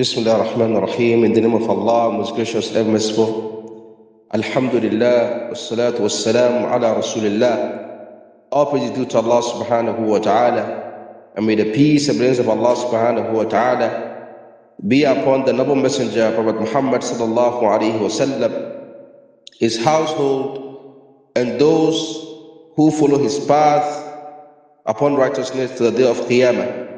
Bismillahirrahmanirrahim. In the name of Allah, most gracious and merciful. Alhamdulillah, wassalatu wassalamu ala rasulillah. All praise due to Allah subhanahu wa ta'ala. And may the peace and blessings of Allah subhanahu wa ta'ala be upon the noble messenger, Prophet Muhammad sallallahu alayhi wa sallam, his household, and those who follow his path upon righteousness to the day of Qiyamah.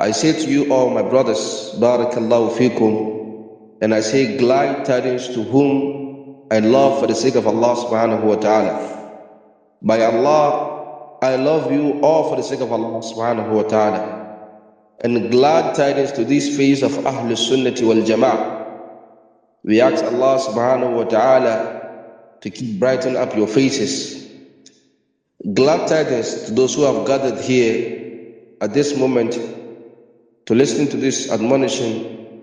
I say to you all, my brothers, Barakallahu fikum, and I say glad tidings to whom I love for the sake of Allah subhanahu wa ta'ala. By Allah, I love you all for the sake of Allah subhanahu wa ta'ala. And glad tidings to this face of Ahlul Sunnati wal Jama'ah. We ask Allah subhanahu wa ta'ala to keep brighten up your faces. Glad tidings to those who have gathered here at this moment to listen to this admonition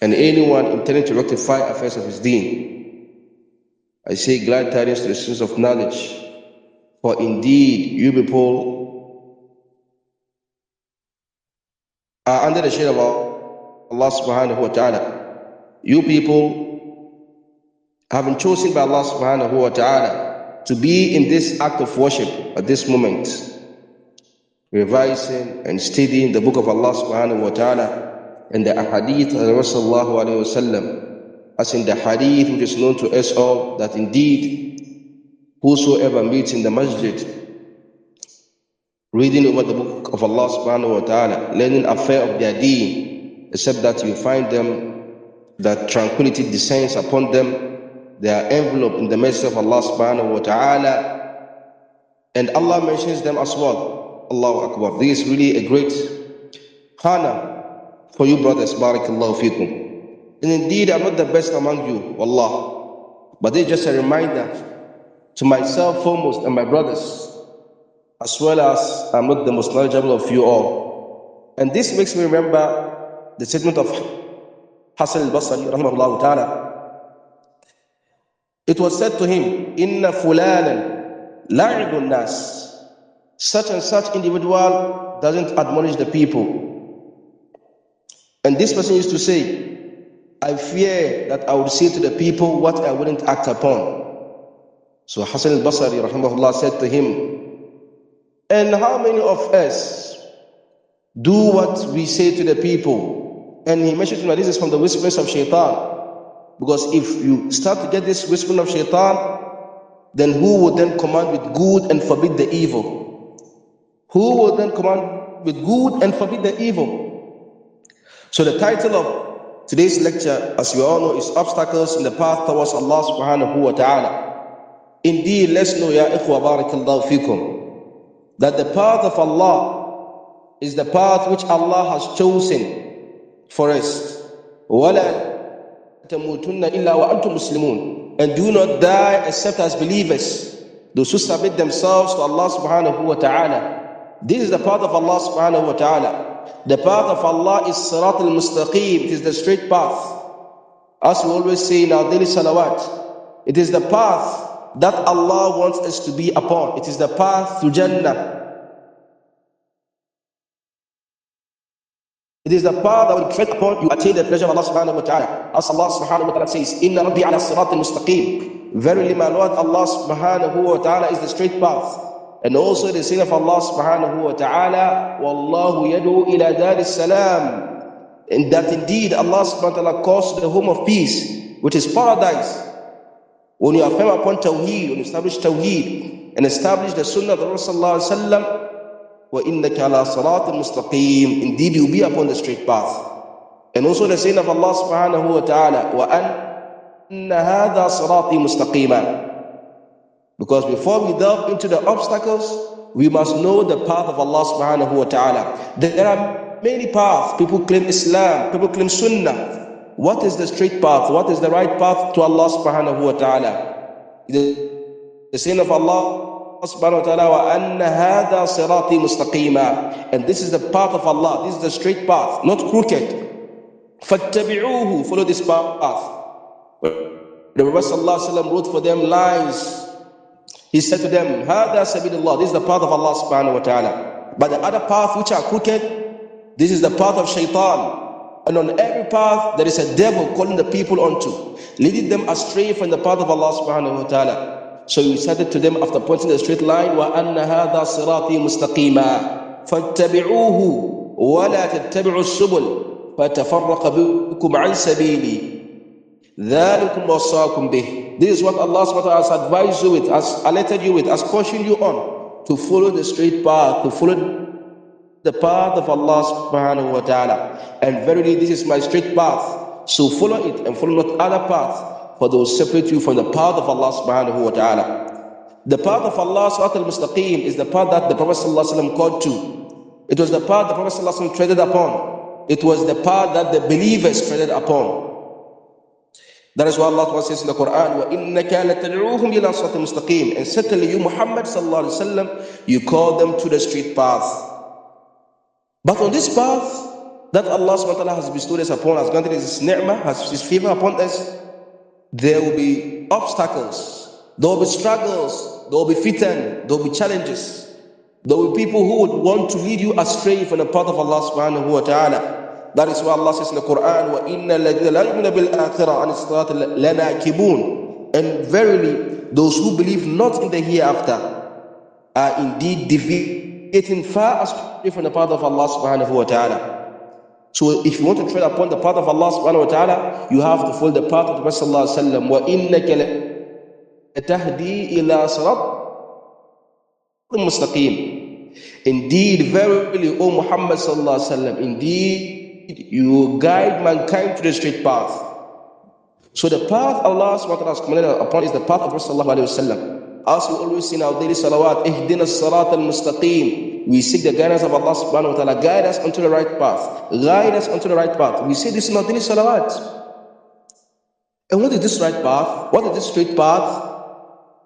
and anyone intending to rectify affairs of his deen. I say glad tidings to the sons of knowledge, for indeed you people are under the shade of Allah subhanahu wa ta'ala. You people have been chosen by Allah subhanahu wa ta'ala to be in this act of worship at this moment revising and studying the book of Allah subhanahu wa ta'ala and the ahadith of Rasulullah alayhi wasallam, as in the hadith which is known to us all that indeed whosoever meets in the masjid reading over the book of Allah subhanahu wa ta'ala, learning affair of their deen, except that you find them that tranquility descends upon them, they are enveloped in the mercy of Allah subhanahu wa ta'ala. And Allah mentions them as well. Allahu Akbar. This is really a great hana for you brothers. Barakallahu fikum. And indeed, I'm not the best among you, Allah. But it's just a reminder to myself foremost and my brothers, as well as I'm not the most knowledgeable of you all. And this makes me remember the statement of Hassan al-Basri, rahmahullah ta'ala, it was said to him, Inna fulanan la'ibun nas such and such individual doesn't admonish the people. And this person used to say, I fear that I would say to the people what I wouldn't act upon. So Hassan al-Basri said to him, And how many of us do what we say to the people? And he mentioned to me, this is from the whispers of shaitan. Because if you start to get this whispering of shaitan, then who would then command with good and forbid the evil? who will then command with good and forbid the evil. So the title of today's lecture, as we all know, is Obstacles in the Path Towards Allah Subhanahu Wa Ta'ala. Indeed, let's know, Ya Ikhwa Barakallahu Fikum, that the path of Allah is the path which Allah has chosen for us. تموتن إلا antum muslimun and do not die except as believers those who submit themselves to Allah subhanahu wa ta'ala this is the path of Allah subhanahu wa ta'ala. The path of Allah is Sirat al Mustaqim, it is the straight path. As we always say in our daily salawat, it is the path that Allah wants us to be upon. It is the path to Jannah. It is the path that will tread upon you attain the pleasure of Allah subhanahu wa ta'ala. As Allah subhanahu wa ta'ala says, Inna Rabbi ala sirat al-mustaqim. Verily my Lord, Allah subhanahu wa ta'ala is the straight path. And also the saying of Allah subhanahu wa ta'ala, Wallahu yadu ila dar salam. And that indeed Allah subhanahu wa ta'ala calls the home of peace, which is paradise. When you affirm upon Tawheed, when you establish Tawheed and establish the Sunnah of the Rasulullah وَإِنَّكَ عَلَىٰ صَلَاطٍ مُسْتَقِيمٍ Indeed, you'll be upon the straight path. And also the saying of Allah subhanahu wa ta'ala, وَأَنَّ هَذَا صَرَاطِي مُسْتَقِيمًا Because before we delve into the obstacles, we must know the path of Allah subhanahu wa ta'ala. There are many paths. People claim Islam, people claim Sunnah. What is the straight path? What is the right path to Allah subhanahu wa ta'ala? The saying of Allah subhanahu wa ta'ala, وَأَنَّ هَذَا صِرَاطِ مُسْتَقِيمًا And this is the path of Allah. This is the straight path, not crooked. فَاتَّبِعُوهُ Follow this path. The Prophet wrote for them lies he said to them, Hada sabilillah. This is the path of Allah subhanahu wa ta'ala. But the other path which are crooked, this is the path of shaitan. And on every path, there is a devil calling the people onto, leading them astray from the path of Allah subhanahu wa ta'ala. So he said it to them after pointing the straight line, وَأَنَّ هَذَا صِرَاطِي مُسْتَقِيمًا فَاتَّبِعُوهُ وَلَا تَتَّبِعُوا السُّبُلِ فَتَفَرَّقَ بِكُمْ عَنْ سَبِيلِي ذَلِكُمْ وَصَّاكُمْ بِهِ This is what Allah SWT has advised you with, has alerted you with, has cautioned you on, to follow the straight path, to follow the path of Allah subhanahu wa ta'ala. And verily this is my straight path, so follow it and follow not other paths, for they will separate you from the path of Allah subhanahu wa ta'ala. The path of Allah Subhanahu al-Mustaqim is the path that the Prophet ﷺ called to. It was the path the Prophet ﷺ treaded upon. It was the path that the believers treaded upon. That is why Allah says in the Quran, وَإِنَّكَ لَتَدْعُوهُمْ إِلَىٰ صَلَاةٍ مُسْتَقِيمٍ And certainly you, Muhammad sallallahu alayhi wa sallam, you call them to the straight path. But on this path that Allah subhanahu wa ta'ala has bestowed us upon us, granted his ni'mah, has his favor upon us, there will be obstacles, there will be struggles, there will be fitan, there will be challenges. There will be people who would want to lead you astray from the path of Allah subhanahu wa ta'ala. That is why Allah says in the Quran, وَإِنَّ And verily, those who believe not in the hereafter are indeed deviating far astray from the path of Allah subhanahu wa ta'ala. So if you want to tread upon the path of Allah subhanahu wa ta'ala, you have to follow the path of the Prophet sallallahu alayhi wa إلى صراط مستقيم Indeed, verily, O Muhammad sallallahu alaihi wasallam, indeed you guide mankind to the straight path. So the path Allah subhanahu wa ta'ala commanded upon is the path of Rasulullah sallallahu As we always say in our daily salawat, ihdina salat al-mustaqim. We seek the guidance of Allah subhanahu wa ta'ala. Guide us onto the right path. Guide us onto the right path. We say this in our daily salawat. And what is this right path? What is this straight path?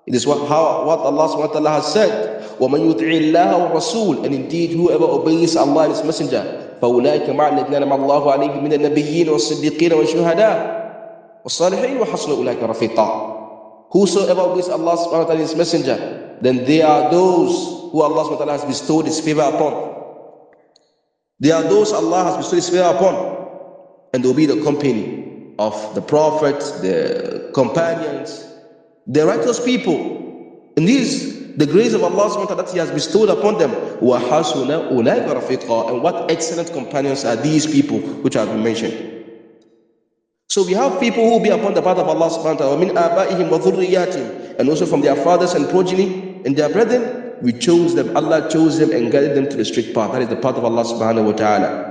It is what, how, what Allah subhanahu wa ta'ala has said. وَمَنْ يُطْعِ اللَّهَ وَرَسُولَ And indeed, whoever obeys Allah and His Messenger, فأولئك مع الذين أنعم الله عليهم من النبيين والصديقين والشهداء والصالحين وحصل أولئك رفيقا Whosoever obeys Allah subhanahu wa ta'ala his messenger, then they are those who Allah subhanahu wa ta'ala has bestowed his favor upon. They are those Allah has bestowed his favor upon. And they will be the company of the Prophet, the companions, the righteous people. And these The grace of Allah subhanahu wa ta'ala that He has bestowed upon them. And what excellent companions are these people which have been mentioned. So we have people who will be upon the path of Allah subhanahu wa ta'ala, and also from their fathers and progeny and their brethren, we chose them, Allah chose them and guided them to the straight path. That is the path of Allah subhanahu wa ta'ala.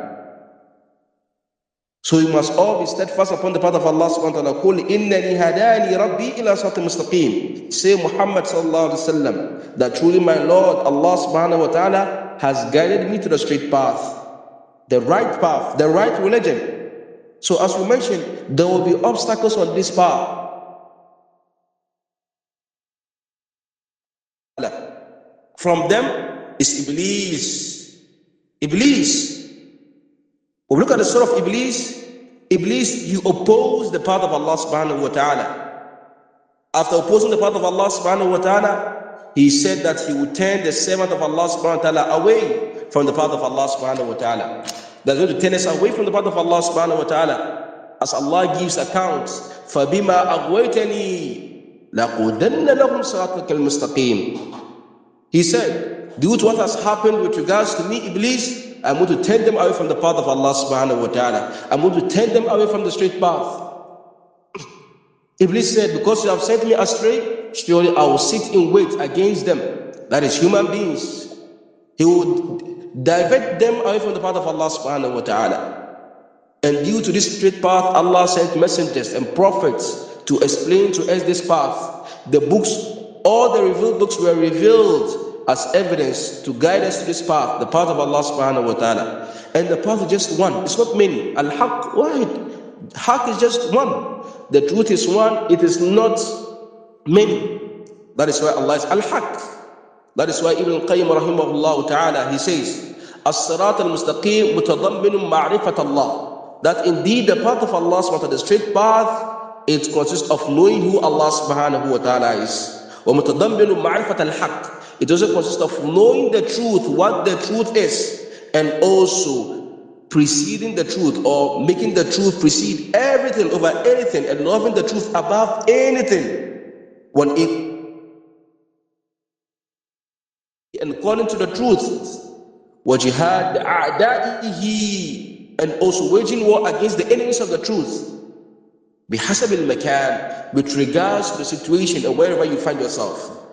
So we must all be steadfast upon the path of Allah subhanahu wa ta'ala. Qul innani rabbi ila siratin Say Muhammad sallallahu wa wasallam that truly my Lord Allah subhanahu wa ta'ala has guided me to the straight path, the right path, the right religion. So as we mentioned, there will be obstacles on this path. From them is Iblis. Iblis when we look at the surah of Iblis, Iblis, you oppose the path of Allah subhanahu wa ta'ala. After opposing the path of Allah subhanahu wa ta'ala, he said that he would turn the servant of Allah subhanahu wa ta'ala away from the path of Allah subhanahu wa ta'ala. That's going to turn us away from the path of Allah subhanahu wa ta'ala. As Allah gives accounts, فَبِمَا أَغْوَيْتَنِي لَقُدَنَّ لَهُمْ صَرَاطَكَ الْمُسْتَقِيمِ He said, due to what has happened with regards to me, Iblis, I'm going to turn them away from the path of Allah subhanahu wa ta'ala. I'm going to turn them away from the straight path. Iblis said, Because you have sent me astray, surely I will sit in wait against them. That is human beings. He would divert them away from the path of Allah subhanahu wa ta'ala. And due to this straight path, Allah sent messengers and prophets to explain to us this path. The books, all the revealed books were revealed as evidence to guide us to this path, the path of Allah subhanahu wa ta'ala. And the path is just one, it's not many. Al Haqq wahid. Haqq is just one. The truth is one, it is not many. That is why Allah is Al Haqq. That is why Ibn Qayyim rahimahullah ta'ala, he says, As-sirat al-mustaqim mutadamminun ma'rifat Allah. That indeed the path of Allah subhanahu wa ta'ala, the straight path, it consists of knowing who Allah subhanahu wa ta'ala is. ومتضمن معرفة الحق it also consists of knowing the truth, what the truth is, and also preceding the truth or making the truth precede everything over anything and loving the truth above anything. When it and according to the truth, what you had and also waging war against the enemies of the truth. بِحَسَبِ الْمَكَانِ with regards to the situation and wherever you find yourself.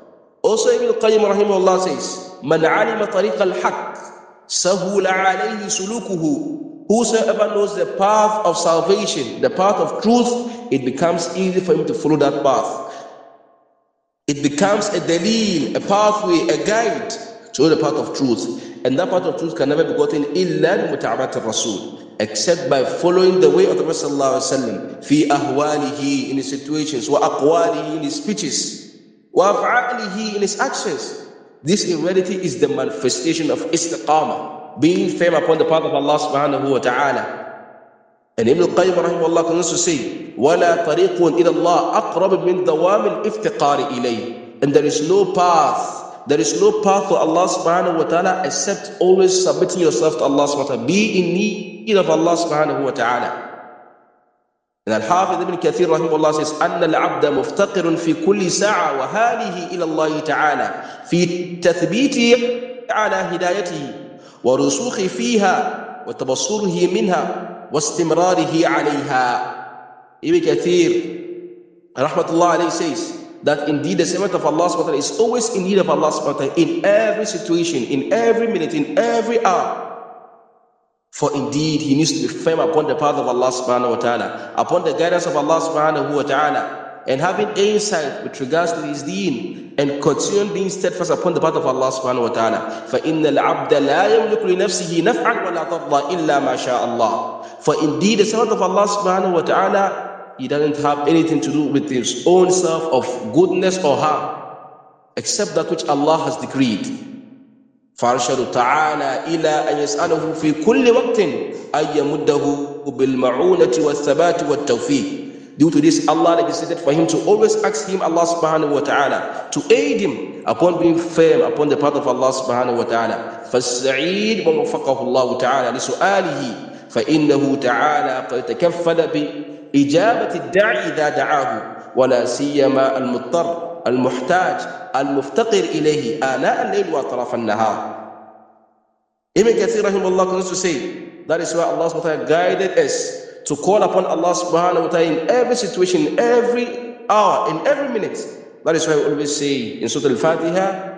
Also, Ibn Qayyim rahimahullah says, Man alima tariq al-haq, alayhi sulukuhu. Whosoever knows the path of salvation, the path of truth, it becomes easy for him to follow that path. It becomes a dalil, a pathway, a guide to the path of truth. And that path of truth can never be gotten illa muta'abat rasul except by following the way of the Prophet sallallahu alaihi in his situations wa in his speeches وَأَفْعَالِهِ in his actions. This in reality is the manifestation of istiqamah, being firm upon the path of Allah subhanahu wa ta'ala. And Ibn al-Qayyim rahimahullah can also say, وَلَا طَرِيقٌ إِلَى اللَّهِ أَقْرَبٌ مِنْ دوام الْإِفْتِقَارِ إِلَيْهِ And there is no path, there is no path for Allah subhanahu wa ta'ala except always submitting yourself to Allah subhanahu wa ta'ala. Be in need of Allah subhanahu wa ta'ala. إن الحافظ ابن كثير رحمه الله says أن العبد مفتقر في كل ساعة وهاله إلى الله تعالى في تثبيته على هدايته ورسوخ فيها وتبصره منها واستمراره عليها Ibn Kathir rahmatullah alayhi says that indeed the servant of Allah subhanahu wa ta'ala is always in need of Allah subhanahu wa ta'ala in every situation, in every minute, in every hour. For indeed, he needs to be firm upon the path of Allah subhanahu wa ta'ala, upon the guidance of Allah subhanahu wa ta'ala, and having insight with regards to his deen, and continue being steadfast upon the path of Allah subhanahu wa ta'ala. فَإِنَّ الْعَبْدَ لَا يَمْلِكُ لِنَفْسِهِ نَفْعًا وَلَا ضَرًّا إِلَّا مَا شَاءَ اللَّهُ For indeed, the servant of Allah subhanahu wa ta'ala, he doesn't have anything to do with his own self of goodness or harm, except that which Allah has decreed. فارشد تعالى إلى أن يسأله في كل وقت أن يمده بالمعونة والثبات والتوفيق Due to this, Allah legislated for him to always ask him, Allah subhanahu wa ta'ala, to aid him upon being firm upon the path of Allah subhanahu wa ta'ala. فالسعيد وَمُفَقَهُ الله تعالى لسؤاله فإنه تعالى قد تكفل بإجابة الدَّعِي إذا دعاه ولا سيما المضطر المحتاج المفتقر إليه آناء الليل وأطراف النهار Ibn Kathir rahimahullah continues to say, that is why Allah subhanahu wa ta'ala guided us to call upon Allah subhanahu wa ta'ala in every situation, in every hour, in every minute. That is why we always say in Surah Al-Fatiha,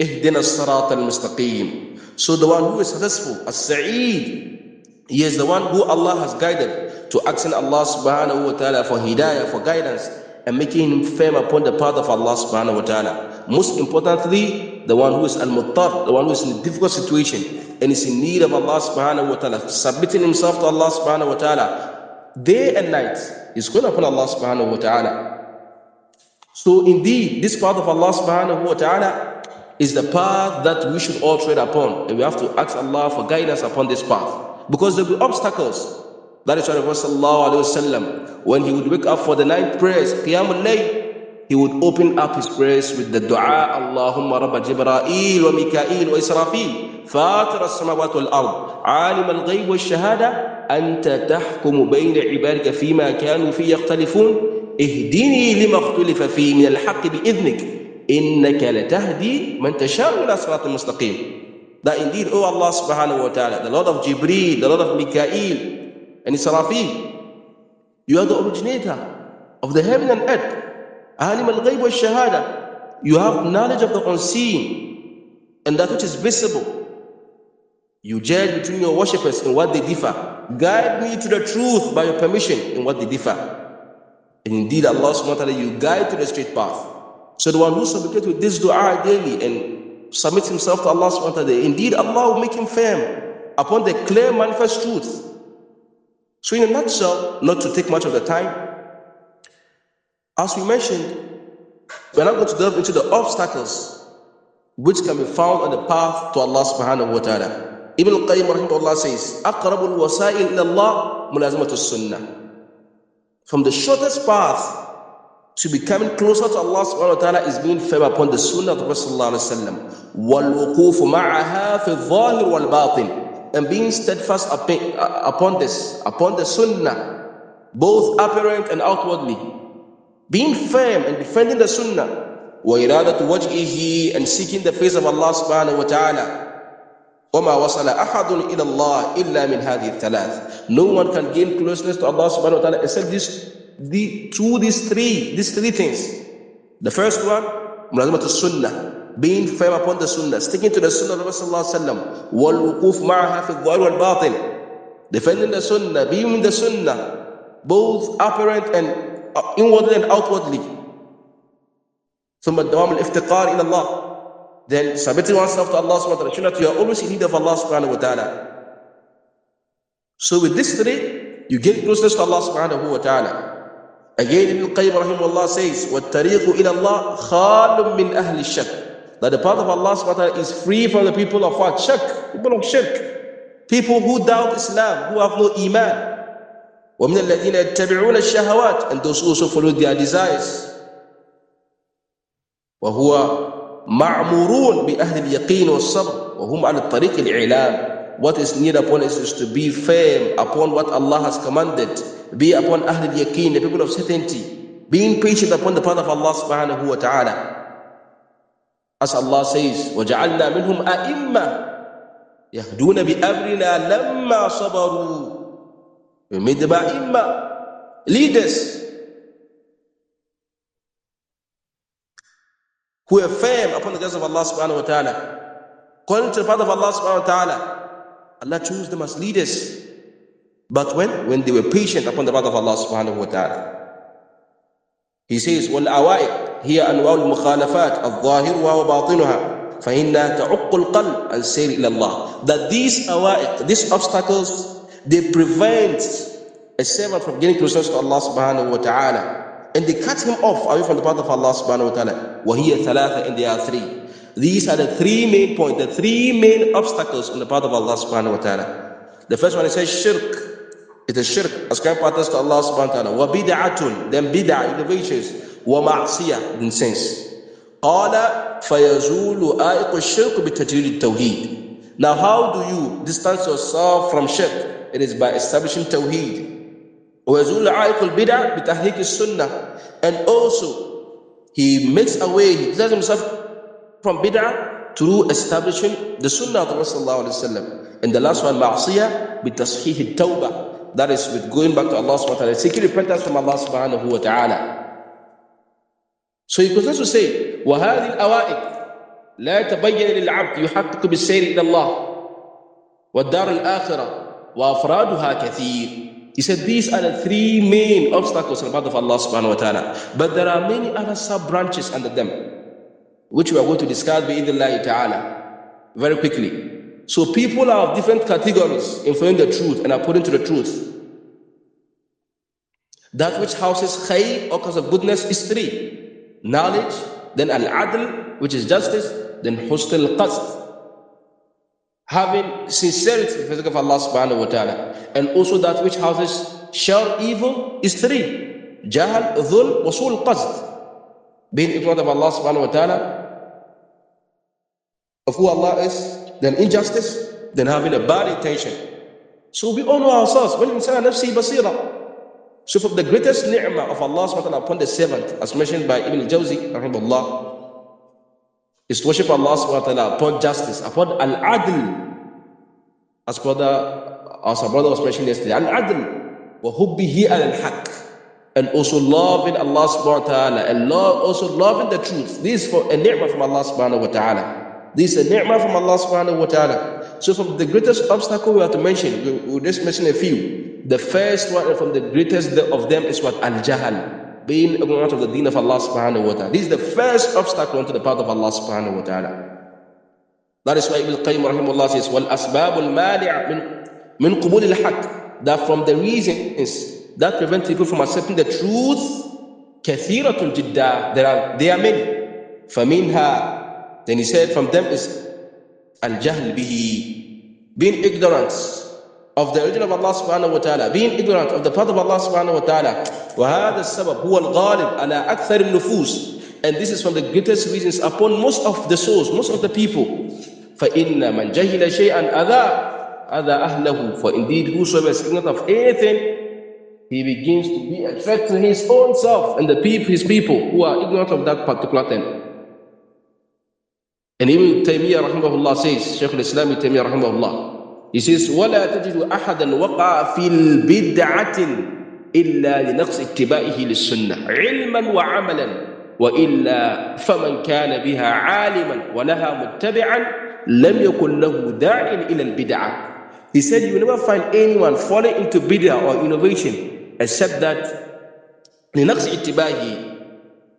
Ihdina الصراط المستقيم. So the one who is successful, as-sa'id, he is the one who Allah has guided to asking Allah subhanahu wa ta'ala for hidayah, for guidance, and making him firm upon the path of Allah subhanahu wa ta'ala. Most importantly, the one who is al-muttar, the one who is in a difficult situation and is in need of Allah subhanahu wa ta'ala, submitting himself to Allah subhanahu wa ta'ala day and night is going upon Allah subhanahu wa ta'ala. So indeed, this path of Allah subhanahu wa ta'ala is the path that we should all tread upon. And we have to ask Allah for guidance upon this path. Because there will be obstacles That is why the Prophet ﷺ, when he would wake up for the night prayers, al Layl, he would open up his prayers with the dua, Allahumma Rabba Jibra'il wa Mika'il wa Israfil, فاطر السماوات والأرض عالم الغيب والشهادة أنت تحكم بين عبادك فيما كانوا فيه يختلفون اهدني لما اختلف فيه من الحق بإذنك إنك لتهدي من تشاء إلى صراط المستقيم That indeed, O oh Allah subhanahu wa ta'ala, the Lord of Jibreel, the Lord of Mikael, and Israfil. You are the originator of the heaven and earth. Alim al-Ghaib shahada You have knowledge of the unseen and that which is visible. You judge between your worshippers in what they differ. Guide me to the truth by your permission in what they differ. And indeed, Allah subhanahu wa ta'ala, you guide to the straight path. So the one who supplicates with this dua daily and submits himself to Allah subhanahu wa ta'ala, indeed Allah will make him firm upon the clear manifest truth. So in a nutshell, not to take much of the time, as we mentioned, we're not going to delve into the obstacles which can be found on the path to Allah subhanahu wa ta'ala. Ibn al-Qayyim rahimahullah says, أَقْرَبُ الْوَسَائِلِ إِلَى مُلَازِمَةُ السُّنَّةِ From the shortest path to becoming closer to Allah subhanahu wa ta'ala is being firm upon the sunnah of Rasulullah sallallahu alayhi wa sallam. وَالْوُقُوفُ مَعَهَا فِي الظَّاهِرِ وَالْبَاطِنِ and being steadfast upon this, upon the sunnah, both apparent and outwardly. Being firm and defending the sunnah. وإرادة وجهه and seeking the face of Allah subhanahu wa ta'ala. وما وصل أحد إلى الله إلا من هذه الثلاث. No one can gain closeness to Allah subhanahu wa ta'ala except this, the, through these three, these three things. The first one, ملازمة السنة being firm upon the sunnah, sticking to the sunnah of Rasulullah wal-wukuf ma'aha fi wal batin defending the sunnah, being in the sunnah, both apparent and uh, inwardly and outwardly. ثم الدوام الافتقار إلى الله then submitting oneself to Allah subhanahu wa ta'ala you are always in need of Allah subhanahu wa ta'ala so with this three you get closeness to Allah subhanahu wa ta'ala again Ibn Qayyim rahimahullah says وَالطَّرِيقُ إِلَى اللَّهِ خَالٌ مِّنْ أَهْلِ الشَّكِّ that the path of Allah subhanahu is free from the people of what? Shirk, people of shirk, people who doubt Islam, who have no iman. وَمِنَ الَّذِينَ يَتَّبِعُونَ الشَّهَوَاتِ And those who also follow their desires. وَهُوَ مَعْمُورُونَ بِأَهْلِ الْيَقِينِ وَالصَّبْرِ وَهُمْ عَلَى الطَّرِيقِ الْإِعْلَامِ What is need upon us is to be firm upon what Allah has commanded. Be upon Ahlul Yaqeen, the people of certainty. Being patient upon the path of Allah subhanahu wa ta'ala. As Allah says, وَجَعَلْنَا مِنْهُمْ أَئِمَّةً يَهْدُونَ بِأَمْرِنَا لَمَّا صَبَرُوا We made them أئمة, leaders, who are firm upon the guidance of Allah subhanahu wa ta'ala. According to the path of Allah subhanahu wa ta'ala, Allah chose them as leaders. But when? When they were patient upon the path of Allah subhanahu wa ta'ala. He says, وَالْأَوَائِقِ هي أنواع المخالفات الظاهر وباطنها فإنها تعق القلب عن السير إلى الله that these awaiq, these obstacles they prevent a servant from getting closer to Allah subhanahu wa ta'ala and they cut him off away from the path of Allah subhanahu wa ta'ala وهي ثلاثة and they are three these are the three main points the three main obstacles on the path of Allah subhanahu wa ta'ala the first one is shirk it is shirk ascribe partners to Allah subhanahu wa ta'ala wa bid'atun then bid'ah innovations ومعصية in sense قال فيزول آيق الشرك بتجريد التوحيد Now how do you distance yourself from shirk? It is by establishing tawheed. ويزول عائق البدع بتحريك السنة and also he makes away he does himself from bid'ah through establishing the sunnah of the Prophet sallallahu alaihi wasallam and the last one ma'siyah بتصحيح التوبة that is with going back to Allah subhanahu wa ta'ala seeking repentance from Allah subhanahu wa ta'ala So he on to say, وَهَذِي الْأَوَائِدِ لا يتبين للعبد يحقق بالسير إلى الله والدار الآخرة وأفرادها كثير He said these are the three main obstacles in the path of Allah subhanahu wa ta'ala. But there are many other sub-branches under them, which we are going to discuss bi'idhillahi ta'ala very quickly. So people are of different categories in following the truth and according to the truth. That which houses khayr or cause of goodness is three. knowledge, then al-adl, which is justice, then husn al-qasd, having sincerity the of Allah subhanahu wa ta'ala. And also that which houses shar evil is three. Jahal, dhul, wasul, qasd. Being ignorant of Allah subhanahu wa ta'ala, of who Allah is, then injustice, then having a bad intention. So we all know ourselves. When insan nafsi basira, so from the greatest ni'mah of Allah subhanahu upon the servant, as mentioned by Ibn Jawzi, rahimahullah, is to worship Allah subhanahu upon justice, upon al-adl, as brother, as our brother was mentioning yesterday, al-adl, wa hubbihi al haq and also loving Allah subhanahu wa ta'ala, and love, also loving the truth. This is for a ni'mah from Allah subhanahu wa ta'ala. This is a ni'mah from Allah subhanahu wa ta'ala. So from the greatest obstacle we have to mention, we, we just mention a few. The first one from the greatest of them is what? Al-Jahal. Being ignorant of the deen of Allah subhanahu wa ta'ala. This is the first obstacle onto the path of Allah subhanahu wa ta'ala. That is why Ibn Qayyim rahimahullah says, Wal asbabul mani' min, min qubul al-haq. That from the reasons that prevent people from accepting the truth, kathiratun jiddah. There are, there are many. فَمِنْهَا Then he said, from them is al-jahl bihi. Being ignorant of the religion of Allah subhanahu wa ta'ala, being ignorant of the path of Allah subhanahu wa ta'ala. وَهَذَا السَّبَبْ هُوَ الْغَالِبْ عَلَىٰ أَكْثَرِ النُّفُوسِ And this is from the greatest reasons upon most of the souls, most of the people. فَإِنَّ مَنْ جَهِلَ شَيْئًا أَذَا أَذَا أَهْلَهُ For indeed, whosoever is ignorant of anything, he begins to be a threat to his own self and the people, his people who are ignorant of that particular thing. And even Taymiyyah rahimahullah says, Shaykh al-Islam Taymiyyah rahimahullah, He says, وَلَا تَجِدُ أَحَدًا وَقَعَ فِي الْبِدْعَةٍ إلا لنقص اتباعه للسنة علما وعملا وإلا فمن كان بها عالما ولها متبعا لم يكن له داع إلى البدعة He said you never find anyone falling into bid'ah or innovation except that لنقص اتباعه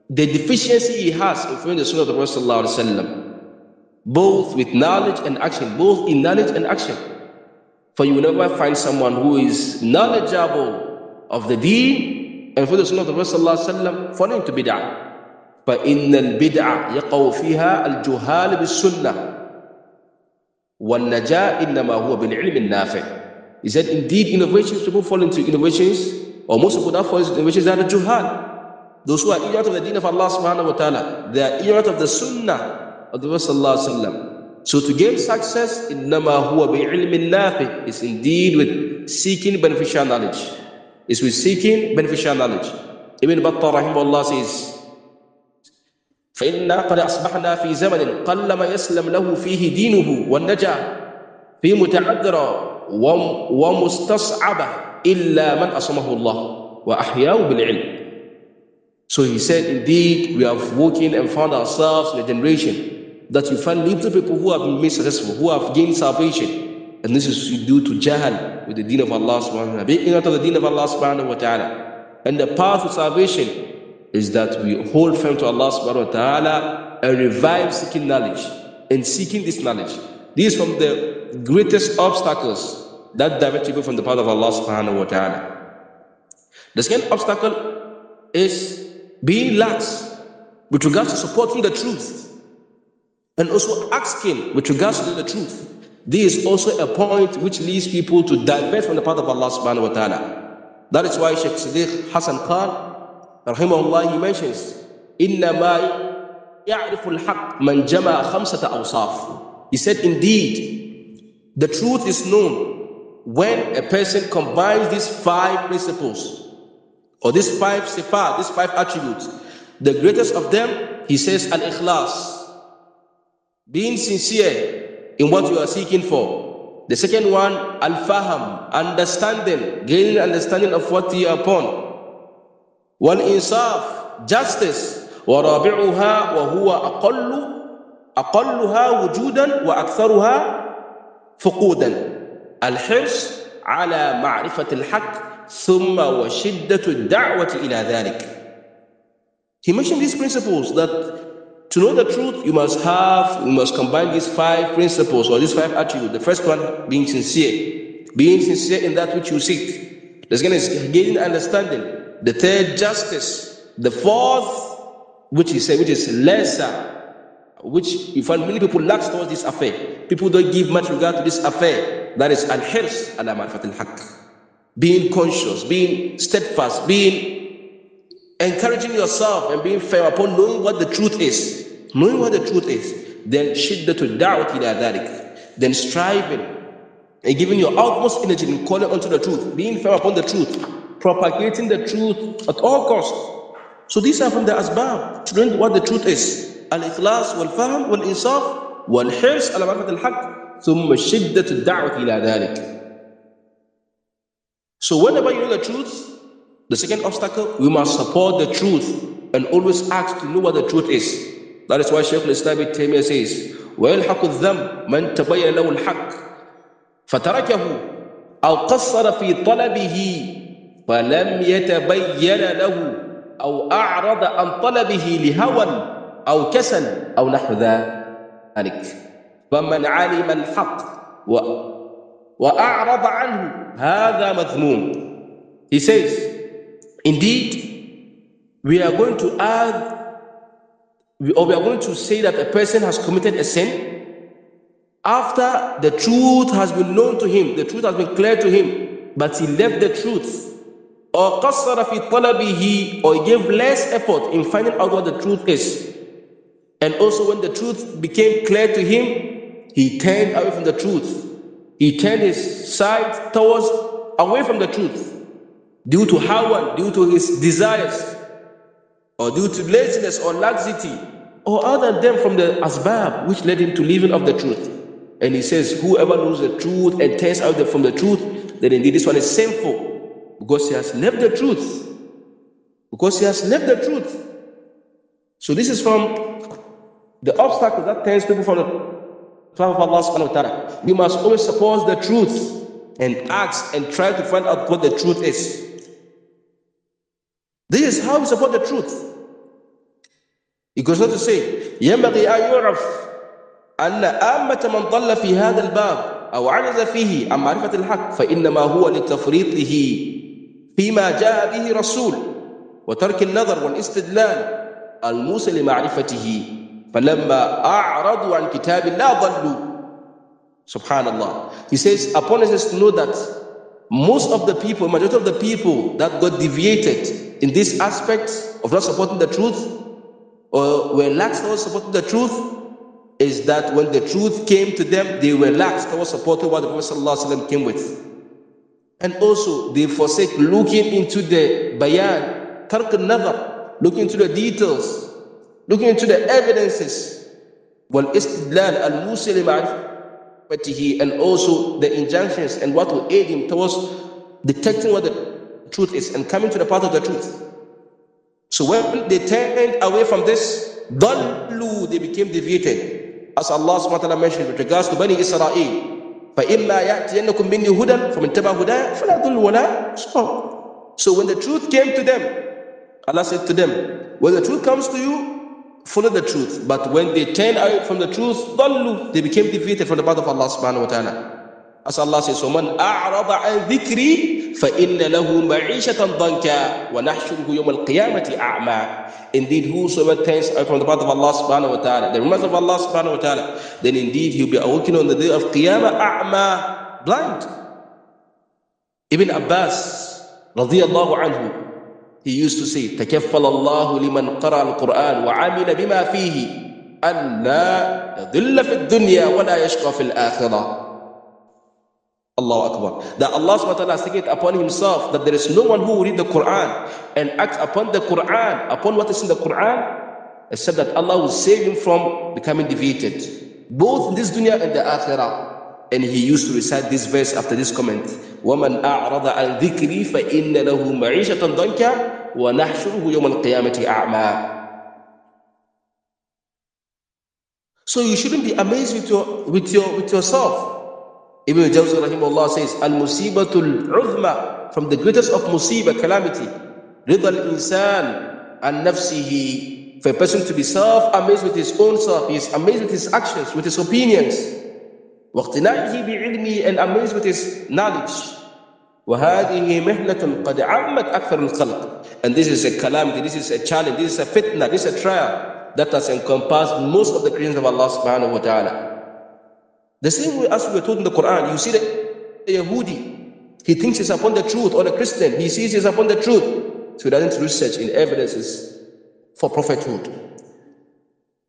the deficiency he has in following the Sunnah of the Prophet sallallahu alaihi wasallam both with knowledge and action both in knowledge and action For you will never find someone who is knowledgeable of the deen and for the Sunnah of Rasulullah falling to bid'ah. فإن البدعة يقع فيها الجهال بالسنة huwa bil-ilm al النافع He said, indeed, innovations, people fall into innovations, or most people that fall into innovations are the juhal. Those who are ignorant of the deen of Allah subhanahu wa ta'ala, they are ignorant of the sunnah of the Prophet sallallahu alayhi wa sallam. So to gain success, إِنَّمَا هُوَ بِعِلْمٍ نَافِعٍ is indeed with seeking beneficial knowledge. Is with seeking beneficial knowledge. Ibn Battah rahimahullah says, فإنا قد أصبحنا في زمن قل ما يسلم له فيه دينه والنجاة في متعذرة ومستصعبة إلا من أصمه الله وأحياه بالعلم. So he said, indeed, we have woken and found ourselves in a generation that you find little people who have been made successful, who have gained salvation. And this is due to jahal with the deen of Allah subhanahu wa ta'ala, being of the deen of Allah subhanahu wa ta'ala. And the path to salvation is that we hold firm to Allah subhanahu wa ta'ala and revive seeking knowledge and seeking this knowledge. These from the greatest obstacles that divert people from the path of Allah subhanahu wa ta'ala. The second obstacle is being lax with regards to supporting the truth and also ask him with regards to the truth. This is also a point which leads people to divert from the path of Allah subhanahu wa ta'ala. That is why Sheikh Siddiq Hassan Khan, rahimahullah, he mentions, إِنَّمَا يَعْرِفُ الْحَقِّ مَنْ جَمَعَ خَمْسَةَ أَوْصَافٍ He said, indeed, the truth is known when a person combines these five principles, or these five sifat, these five attributes. The greatest of them, he says, al-ikhlas, being sincere in what you are seeking for. The second one, al-faham, understanding, gaining understanding of what you are upon. One insaf, justice. ورابعها وهو أقل أقلها وجودا وأكثرها فقودا الحرص على معرفة الحق ثم وشدة الدعوة إلى ذلك He mentioned these principles that to know the truth, you must have, you must combine these five principles or these five attributes. The first one being sincere, being sincere in that which you seek. The second is gaining understanding. The third, justice. The fourth, which is which is lesser, which you find many people lack towards this affair. People don't give much regard to this affair. That is al-hirs ala al-haq. Being conscious, being steadfast, being encouraging yourself and being firm upon knowing what the truth is, knowing what the truth is, then shiddatul da'wat ila dhalik, then striving and giving your utmost energy in calling unto the truth, being firm upon the truth, propagating the truth at all costs. So these are from the asbab to learn what the truth is. Al-ikhlas wal-fahm wal-insaf wal-hirs ala al-haq thumma shiddatul da'wat ila dhalik. So whenever you know the truth, The second obstacle, we must support the truth and always ask to know what the truth is. That is why Sheikh islam ibn Taymiyyah says, وَيَلْحَقُ الذَّمْ مَنْ تَبَيَّنَ لَهُ الْحَقِّ فتركه أو قصر في طلبه فلم يتبين له أو أعرض عن طلبه لهوى أو كسل أو نحو ذلك فمن علم الحق وأعرض عنه هذا مذموم He says Indeed, we are going to add, or we are going to say that a person has committed a sin after the truth has been known to him, the truth has been clear to him, but he left the truth. Or قصر في طلبه or gave less effort in finding out what the truth is. And also when the truth became clear to him, he turned away from the truth. He turned his side towards away from the truth due to hawan, due to his desires, or due to laziness or laxity, or other than from the asbab which led him to leaving of the truth. And he says, Whoever knows the truth and turns out from the truth, then indeed this one is sinful because he has left the truth. Because he has left the truth. So this is from the obstacle that turns people from the path of Allah subhanahu wa ta'ala. We must always support the truth and ask and try to find out what the truth is. This is how we support the truth. He goes on to say, ينبغي أن يعرف أن أمة من ضل في هذا الباب أو عجز فيه عن معرفة الحق فإنما هو لتفريطه فيما جاء به رسول وترك النظر والاستدلال الموصل لمعرفته فلما أعرضوا عن كتاب الله ضلوا سبحان الله He says upon us to know that most of the people, majority of the people that got deviated in this aspect of not supporting the truth or were lax towards supporting the truth is that when the truth came to them, they were lax towards supporting what the Prophet ﷺ came with. And also, they forsake looking into the bayan, tarq nazar, looking into the details, looking into the evidences. Well, istidlal al poverty and also the injunctions and what will aid him towards detecting what the truth is and coming to the path of the truth. So when they turned away from this, dallu, they became deviated. As Allah subhanahu wa ta'ala mentioned with regards to Bani Israel. So when the truth came to them, Allah said to them, when the truth comes to you, follow the truth. But when they turn away from the truth, they became defeated from the path of Allah subhanahu wa ta'ala. As Allah says, وَمَنْ أَعْرَضَ عَنْ ذِكْرِي فَإِنَّ لَهُ مَعِيشَةً ضَنْكَا وَنَحْشُرُهُ يَوْمَ الْقِيَامَةِ أَعْمَى Indeed, whosoever turns away from the path of Allah subhanahu wa ta'ala, the remembrance of Allah subhanahu wa ta'ala, then indeed he'll be awoken on the day of Qiyamah أَعْمَى, blind. Ibn Abbas, الله عنه. He used to say, تَكَفَّلَ اللَّهُ لِمَنْ قَرَأَ الْقُرْآنَ وَعَمِلَ بِمَا فِيهِ أَنْ لَا فِي الدُّنْيَا وَلَا يَشْقَى فِي الْآخِرَةِ Allah Akbar. That Allah subhanahu wa taala it upon himself that there is no one who will read the Quran and act upon the Quran, upon what is in the Quran, except that Allah will save him from becoming defeated, both in this dunya and the akhirah. And he used to recite this verse after this comment. وَمَنْ أَعْرَضَ عَنْ ذِكْرِي فَإِنَّ لَهُ مَعِيشَةً ضَنْكَ وَنَحْشُرُهُ يَوْمَ الْقِيَامَةِ أَعْمَى So you shouldn't be amazed with, your, with, your, with yourself. Ibn Jawzi rahimahullah says, Al-musibatul from the greatest of musiba calamity, ridha الإنسان insan and For a person to be self-amazed with his own self, he is amazed with his actions, with his opinions. واقتناعه بعلمه الامazed with his knowledge وهذه مهنة قد عمت أكثر الخلق and this is a calamity this is a challenge this is a fitna this is a trial that has encompassed most of the creations of Allah subhanahu wa ta'ala the same way as we are told in the Quran you see that the Yahudi he thinks he's upon the truth or the Christian he sees he's upon the truth so he doesn't research in evidences for prophethood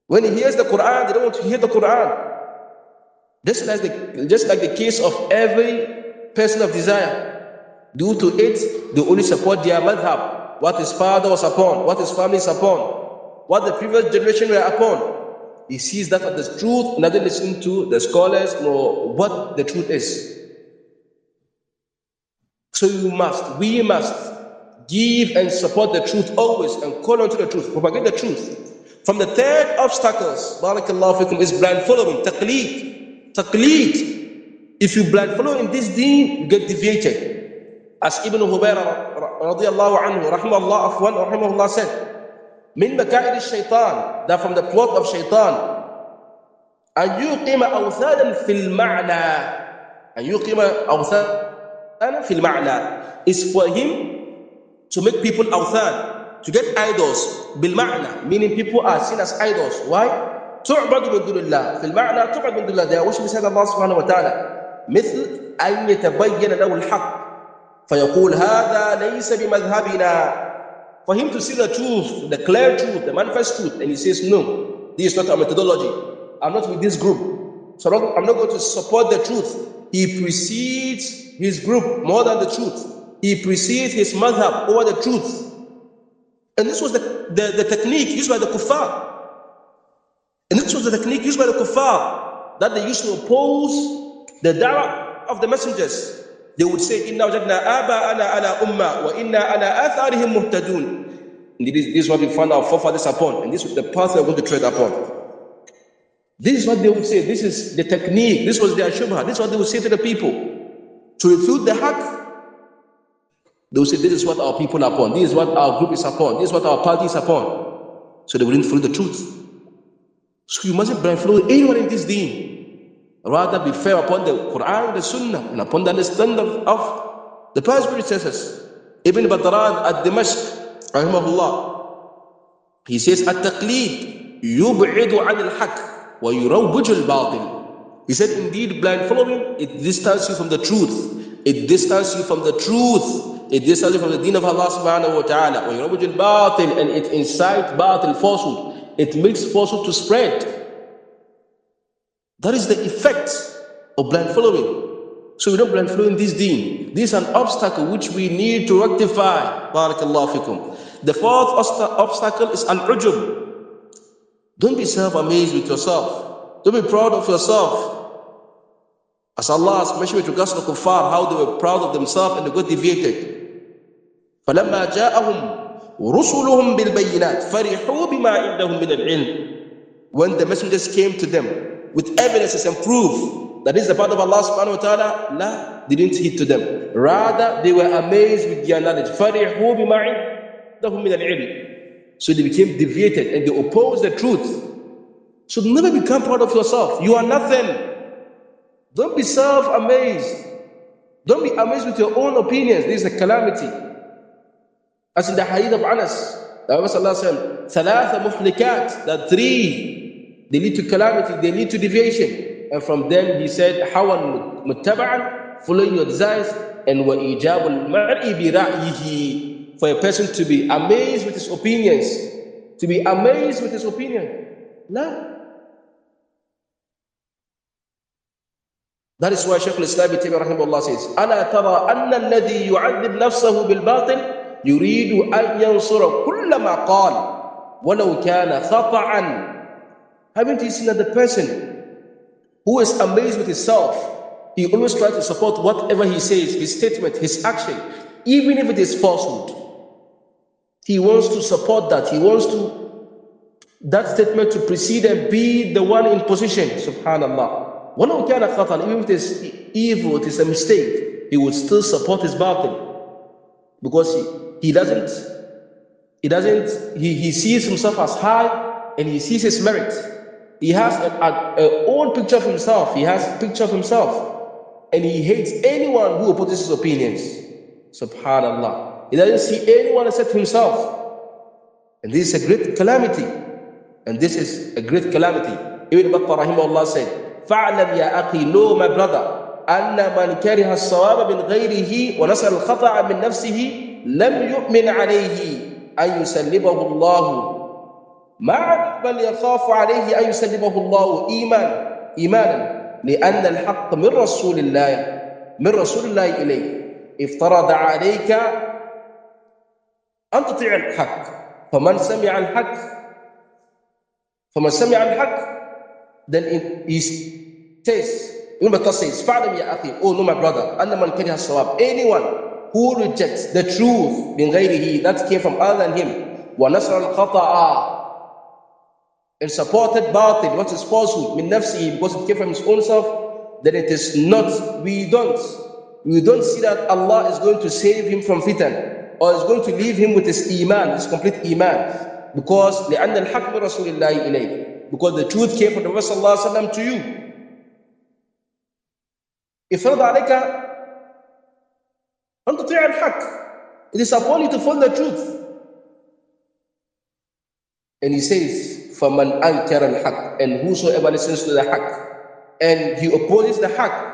when he hears the Quran they don't want to hear the Quran just like the, just like the case of every person of desire. Due to it, they only support their madhab. What his father was upon, what his family is upon, what the previous generation were upon. He sees that as the truth, and doesn't listen to the scholars nor what the truth is. So you must, we must give and support the truth always and call unto the truth, propagate the truth. From the third obstacles, barakallahu fikum, is blind following, taqleed taqleed. If you blind follow in this deen, you get deviated. As Ibn Hubayra anhu, rahmahullah afwan, rahmahullah said, Min makaid shaitan, that from the plot of shaitan, أن يقيم أوثانا في المعنى أن يقيم أوثانا في المعنى is for him to make people أوثان to get idols بالمعنى meaning people are seen as idols why تعبد من دون الله في المعنى تعبد من دون الله ده وش مثال الله سبحانه وتعالى مثل أن يتبين له الحق فيقول هذا ليس بمذهبنا for him to see the truth the clear truth the manifest truth and he says no this is not our methodology I'm not with this group so I'm not going to support the truth he precedes his group more than the truth he precedes his madhab over the truth and this was the, the, the technique used by the kuffar And this was the technique used by the kuffar that they used to oppose the da'wah of the messengers. They would say, Inna wajadna aba ana ala umma wa inna ana atharihim muhtadun. this, is what we found our forefathers upon, and this is the path they're going to tread upon. This is what they would say. This is the technique. This was their shubha. This is what they would say to the people. To refute the haqq, they would say, This is what our people are upon. This is what our group is upon. This is what our party is upon. So they wouldn't follow the truth. So you mustn't blindfold anyone in this deen. Rather be fair upon the Quran, the Sunnah, and upon the understanding of the past predecessors. Ibn Badran at Dimashq, rahimahullah, he says, At-taqleed yub'idu al haq wa yurawbiju batil He said, indeed, blind following, it distances you from the truth. It distances you from the truth. It distances you from the deen of Allah subhanahu wa ta'ala. and it incites batil, falsehood it makes falsehood to spread. That is the effect of blind following. So we don't blind following this deen. This is an obstacle which we need to rectify. Barakallahu fikum. The fourth obstacle is an ujub. Don't be self-amazed with yourself. Don't be proud of yourself. As Allah has mentioned with regards to the kuffar, how they were proud of themselves and they got deviated. فَلَمَّا جَاءَهُمْ رسلهم بالبينات فرحوا بما عندهم من العلم when the messengers came to them with evidences and proof that is the part of Allah subhanahu wa ta'ala didn't hit to them rather they were amazed with their knowledge فرحوا بما عندهم من العلم so they became deviated and they opposed the truth so never become proud of yourself you are nothing don't be self-amazed don't be amazed with your own opinions this is a calamity As in the hadith of Anas, the Prophet ثلاث مهلكات, the three, they lead to calamity, they lead to deviation. And from them he said, حَوَى مُتَّبَعًا Following your desires and وَإِجَابُ الْمَرْءِ بِرَأْيِهِ For a person to be amazed with his opinions. To be amazed with his opinion. No. That is why Shaykh al-Islam Ibn Taymiyyah says, أَلَا تَرَى أَنَّ الَّذِي يُعَذِّبْ نَفْسَهُ بِالْبَاطِلِ يريد أن ينصر كل ما قال ولو كان خطأ Haven't you seen that the person who is amazed with himself, he always tries to support whatever he says, his statement, his action, even if it is falsehood. He wants to support that. He wants to that statement to precede and be the one in position. Subhanallah. وَلَوْ كَانَ خَطَأً Even if it is evil, it is a mistake, he would still support his batil. Because he, he doesn't, he doesn't, he, he sees himself as high and he sees his merit. He has an own picture of himself. He has a picture of himself. And he hates anyone who opposes his opinions. Subhanallah. He doesn't see anyone except himself. And this is a great calamity. And this is a great calamity. Ibn Battah rahimahullah said, فَعْلَمْ يَا أَخِي Know my brother, أَنَّ مَنْ كَرِهَ الصَّوَابَ مِنْ غَيْرِهِ وَنَسَلَ الْخَطَعَ مِنْ نَفْسِهِ لم يؤمن عليه أن يسلبه الله ما بل يخاف عليه أن يسلبه الله إيمانا إيمانا لأن الحق من رسول الله من رسول الله إليه افترض عليك أن تطيع الحق فمن سمع الحق فمن سمع الحق then he says remember says فاعلم يا أخي oh no my brother أن من كره الصواب anyone who rejects the truth bin ghayrihi that came from other than him ونشر الخطأ and supported batil what is falsehood min نفسه because it came from his own self then it is not we don't we don't see that Allah is going to save him from fitan or is going to leave him with his iman his complete iman because لأن الحق من رسول الله because the truth came from the Prophet صلى الله عليه to you إفرض عليك أن تطيع الحق. It is upon you to find the truth. And he says, فَمَنْ أَنْكَرَ الْحَقِّ And whosoever listens to the haqq, and he opposes the haqq,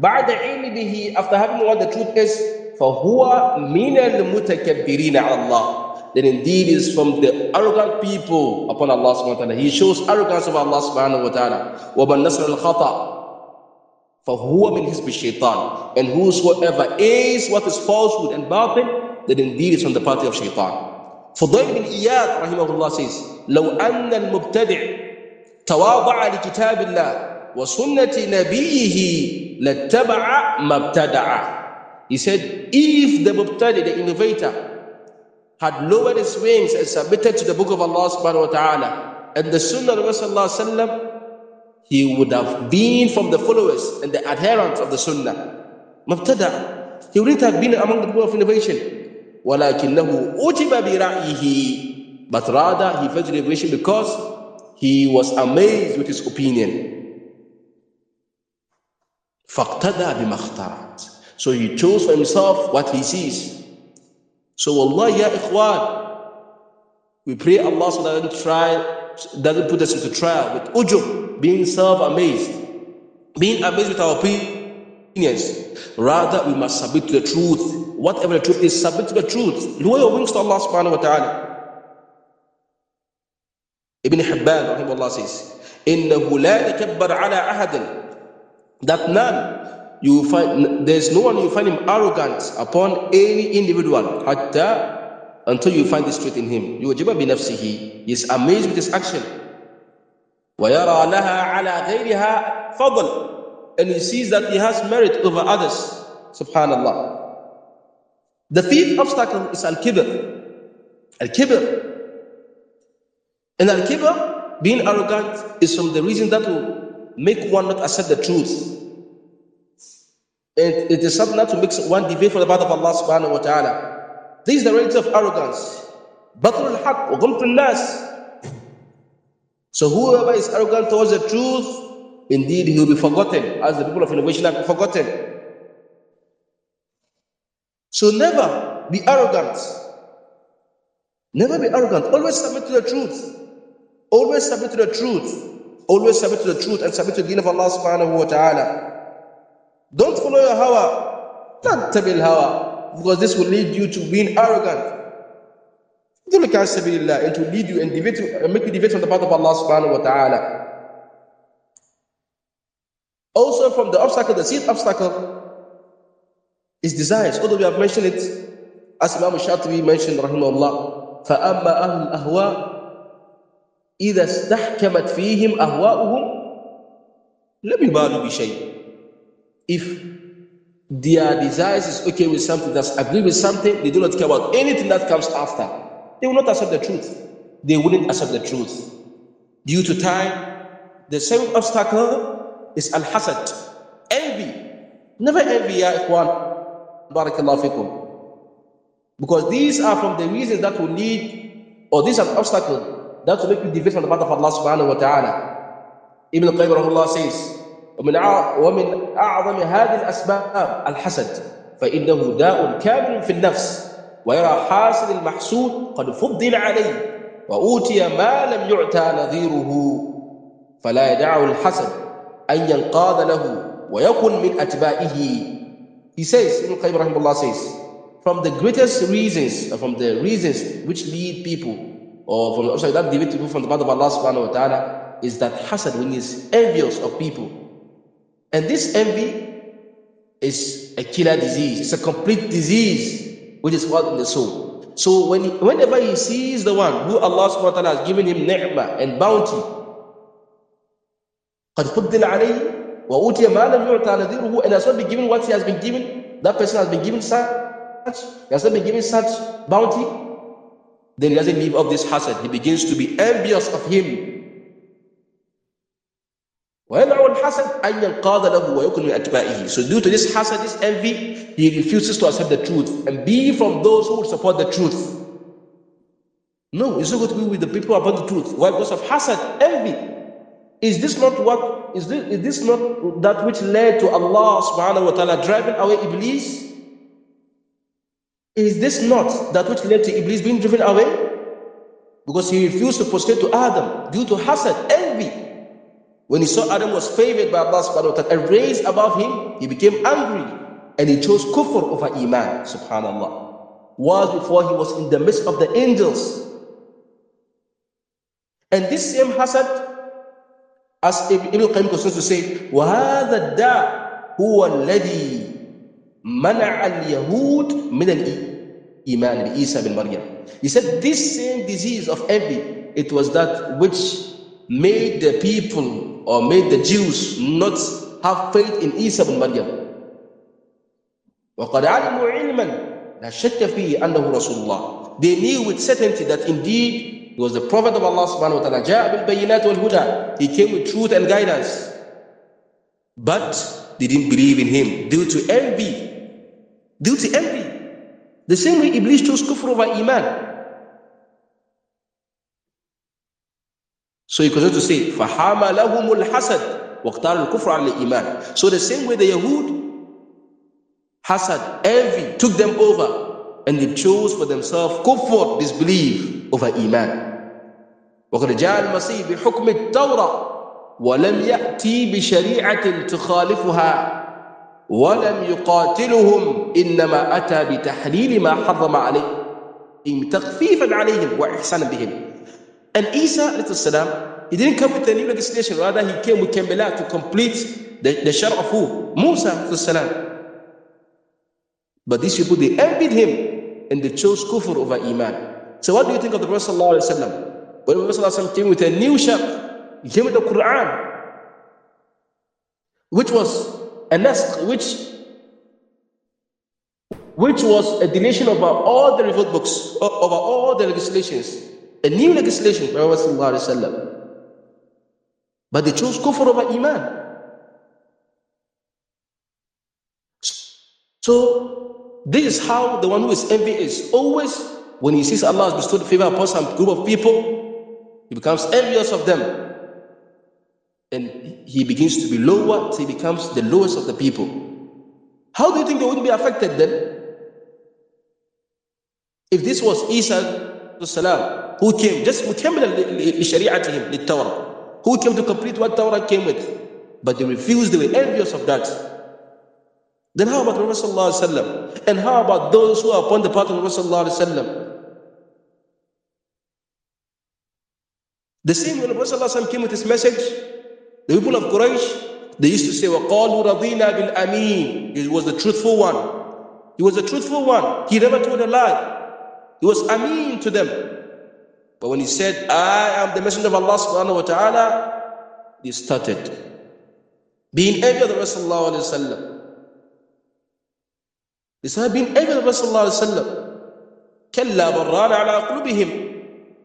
بعد علمه after having what the truth is, فَهُوَ مِنَ الْمُتَكَبِّرِينَ عَلَى اللَّهِ Then indeed is from the arrogant people upon Allah subhanahu wa ta'ala. He shows arrogance of Allah subhanahu wa ta'ala. وَمَنْ الْخَطَأِ for فَهُوَ his حِزْبِ shaitan? And whosoever is what is falsehood and batil, then indeed is from the party of shaitan. فضيل بن إياد رحمه الله says لو أن المبتدع تواضع لكتاب الله وسنة نبيه لاتبع ما ابتدع He said, if the Mubtadi, the innovator, had lowered his wings and submitted to the book of Allah subhanahu wa ta'ala and the Sunnah of Rasulullah sallam, he would have been from the followers and the adherents of the Sunnah. مبتدع He wouldn't have been among the people of innovation. ولكنه أجب But rather he felt innovation because he was amazed with his opinion. So he chose for himself what he sees. So Allah, ya ikhwan, we pray Allah subhanahu wa try doesn't put us into trial, but ujub, being self-amazed, being amazed with our opinions. Rather, we must submit to the truth. Whatever the truth is, submit to the truth. Lower your wings to Allah subhanahu wa ta'ala. Ibn Hibban رحمه Allah says, إنه لا يكبر على أحد that none you find there's no one you find him arrogant upon any individual حتى until you find the truth in him. يُوَجِبَ بِنَفْسِهِ He is amazed with his action. عَلَى غَيْرِهَا فَضْلٌ And he sees that he has merit over others. Subhanallah. The fifth obstacle is al-kibr. Al-kibr. And al-kibr, being arrogant, is from the reason that will make one not accept the truth. And it is something that will make one deviate from the path of Allah subhanahu wa ta'ala. This is the rates of arrogance. Batul al-haq wa ghulq nas So whoever is arrogant towards the truth, indeed he will be forgotten, as the people of innovation are forgotten. So never be arrogant. Never be arrogant. Always submit to the truth. Always submit to the truth. Always submit to the truth and submit to the deen of Allah subhanahu wa ta'ala. Don't follow your hawa. تتبع hawa because this will lead you to being arrogant. Don't look at sabilillah, it will lead you and make you deviate from the path of Allah subhanahu wa ta'ala. Also from the obstacle, the seed obstacle is desires. Although we have mentioned it, as Imam Shatibi mentioned, rahimahullah, فَأَمَّا أَهْلُ الْأَهْوَاءِ إِذَا اسْتَحْكَمَتْ فِيهِمْ أَهْوَاؤُهُمْ لَمْ يُبَالُوا بِشَيْءٍ If their desires is okay with something that's agree with something, they do not care about anything that comes after. They will not accept the truth. They wouldn't accept the truth. Due to time, the same obstacle is al hasad, envy. Never envy, ya ikhwan. Barakallahu fikum. Because these are from the reasons that will lead, or these are an obstacle that will make you deviate from the path of Allah subhanahu wa ta'ala. Ibn Qayyim says, ومن ومن أعظم هذه الأسباب الحسد فإنه داء كامل في النفس ويرى حاسد المحسود قد فضل عليه وأوتي ما لم يعتى نظيره فلا يدعه الحسد أن ينقاد له ويكن من اتبائه He says, Ibn Qayyim rahimahullah says, from the greatest reasons, from the reasons which lead people, or from, sorry, that lead people from the path of Allah subhanahu wa ta'ala, is that hasad, when he is envious of people, And this envy is a killer disease. It's a complete disease which is caught in the soul. So when, whenever he sees the one who Allah subhanahu wa ta'ala has given him ni'mah and bounty, قَدْ عَلَيْهِ وَأُوتِيَ And has not been given what he has been given. That person has been given such, he has not been given such bounty. Then he doesn't live up this hazard. He begins to be envious of him so due to this hazard, this envy, he refuses to accept the truth and be from those who support the truth. No, it's not going to be with the people about the truth. Why? Because of hazard, envy. Is this not what is this, is this not that which led to Allah subhanahu wa ta'ala driving away Iblis? Is this not that which led to Iblis being driven away? Because he refused to prostrate to Adam due to hazard, envy. When he saw Adam was favored by Allah subhanahu wa ta'ala and raised above him, he became angry and he chose kufr over iman, subhanallah. Was before he was in the midst of the angels. And this same hasad, as Ibn Qayyim continues to say, وَهَذَا الدَّاء هُوَ الَّذِي مَنَعَ الْيَهُودِ مِنَ الْإِيمَانِ بِإِيسَى بِن مَرْيَمَ He said, this same disease of envy, it was that which made the people or made the Jews not have faith in Isa ibn Maryam. وقد علموا علما لا شك فيه أنه رسول الله. They knew with certainty that indeed he was the prophet of Allah subhanahu wa ta'ala. جاء بالبينات والهدى. He came with truth and guidance. But they didn't believe in him due to envy. Due to envy. The same way Iblis chose kufr over iman. So he goes on to say, فَحَامَ لَهُمُ الْحَسَدُ وَاقْتَارُ الْكُفْرَ عَلَى الْإِيمَانِ So the same way the Yahud, hasad, envy, took them over and they chose for themselves kufr, disbelief, over iman. وَقَدْ جَاءَ الْمَسِيحِ بِحُكْمِ التَّوْرَةِ ولم يأتي بشريعة تخالفها ولم يقاتلهم إنما أتى بتحليل ما حرم عليهم تخفيفا عليهم وإحسانا بهم And Isa, salam, he didn't come with a new legislation, rather, he came with Kembela to complete the, the Shar of who? Musa. salam. But these people, they envied him and they chose kufr over Iman. So, what do you think of the Prophet? When the Prophet came with a new Shar, he came with the Quran, which was a nasq, which which was a deletion of all the revolt books, over all the legislations a new legislation by Prophet ﷺ. But they chose kufr over iman. So this is how the one who is envious is always when he sees Allah has bestowed favor upon some group of people, he becomes envious of them. And he begins to be lower till he becomes the lowest of the people. How do you think they wouldn't be affected then? If this was Isa, salam, who came just him, the للتوراة who came to complete what Torah came with but they refused they were envious of that then how about Prophet sallallahu and how about those who are upon the path of Prophet sallallahu The same when Prophet Sallam came with his message, the people of Quraysh, they used to say, وَقَالُوا bil amin." He was the truthful one. He was a truthful one. He never told a lie. He was Amin to them. But when he said, I am the messenger of Allah subhanahu wa ta'ala, they started being envy of the Rasulullah sallallahu alayhi wa sallam. They started being envy of the Rasulullah sallallahu alayhi wa sallam.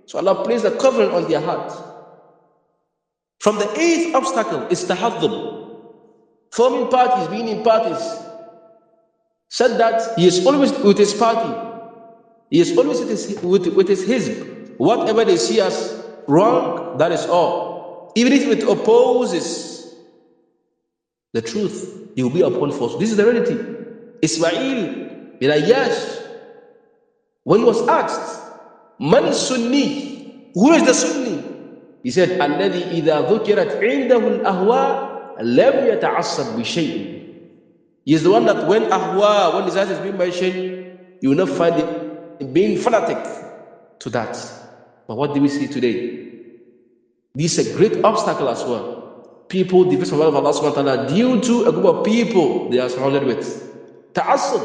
So Allah placed a covering on their heart. From the eighth obstacle is tahaddum. Forming parties, being in parties. Said that he is always with his party. He is always with his, with, with his hizb. Whatever they see as wrong, that is all. Even if it opposes the truth, you will be upon force. This is the reality. Ismail like, yes. when he was asked, Man Sunni, who is the Sunni? He said, الذي إذا ذكرت عنده lam لم bi shayin." He is the one that when ahwa, when desire is being mentioned, you will not find it being fanatic to that. But what do we see today? This is a great obstacle as well. People the from of Allah subhanahu wa ta'ala due to a group of people they are surrounded with. Ta'assub.